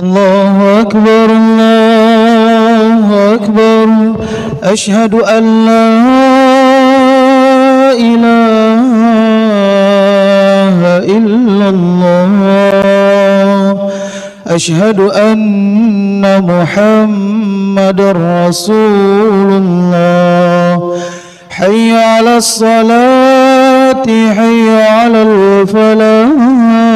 الله أكبر الله أكبر أشهد أن لا إله إلا الله أشهد أن محمد رسول الله حي على الصلاة حي على الفلاح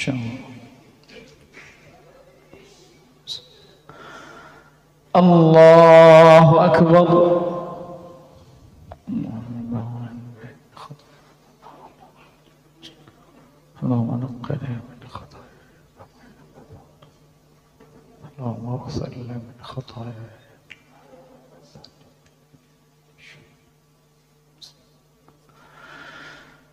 شاء الله الله أكبر اللهم نقنا من خطايا اللهم اغفر لنا من خطايا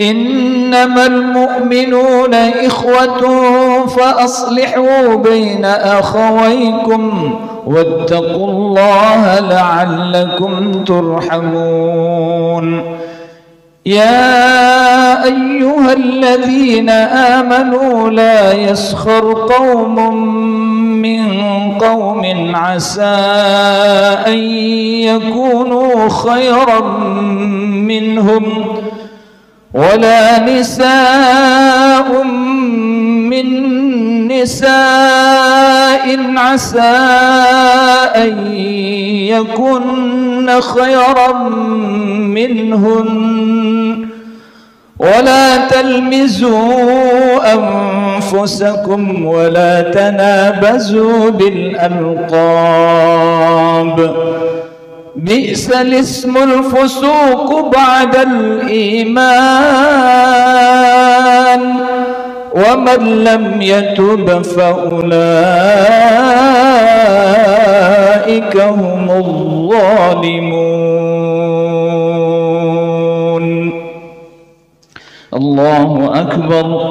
إنما المؤمنون إخوة فأصلحوا بين أخويكم واتقوا الله لعلكم ترحمون يا أيها الذين آمنوا لا يسخر قوم من قوم عسى أن يكونوا خيرا منهم ولا نساء من نساء عسى أن يكن خيرا منهن ولا تلمزوا أنفسكم ولا تنابزوا بالألقاب بئس الاسم الفسوق بعد الإيمان ومن لم يتب فأولئك هم الظالمون الله أكبر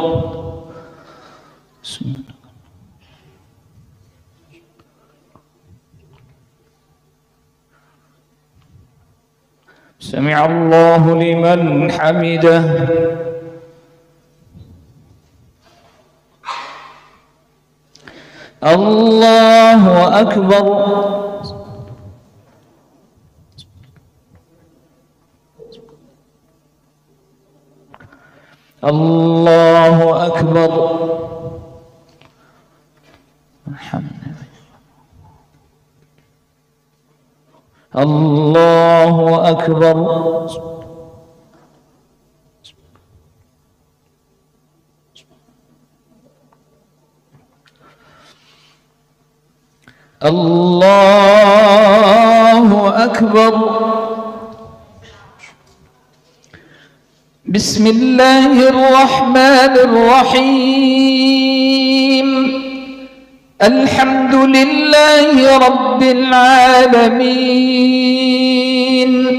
سمع الله لمن حمده الله أكبر الله أكبر الحمد لله أكبر الله أكبر بسم الله الرحمن الرحيم الحمد لله رب العالمين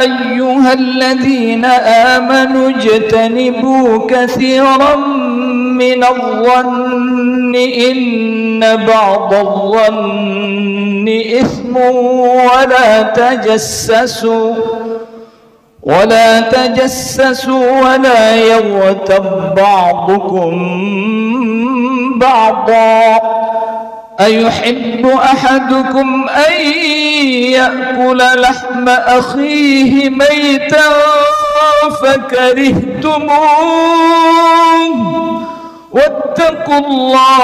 أيها الذين آمنوا اجتنبوا كثيرا من الظن إن بعض الظن إثم ولا تجسسوا ولا تجسسوا ولا يغتب بعضكم بعضا أيحب أحدكم أن يأكل لحم أخيه ميتا فكرهتموه واتقوا الله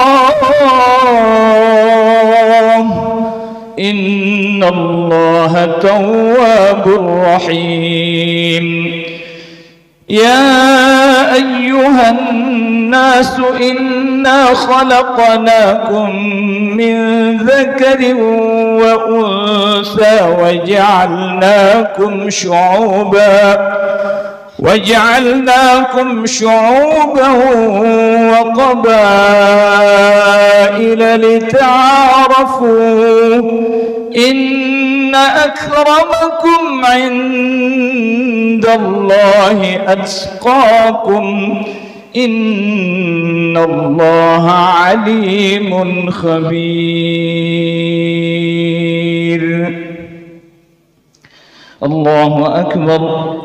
إن الله تواب رحيم يا أيها الناس إن إنا خلقناكم من ذكر وأنثى وجعلناكم شعوبا وجعلناكم شعوبا وقبائل لتعارفوا إن أكرمكم عند الله أتقاكم إن الله عليم خبير الله أكبر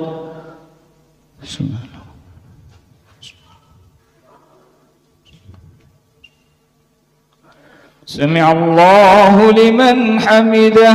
سمع الله لمن حمده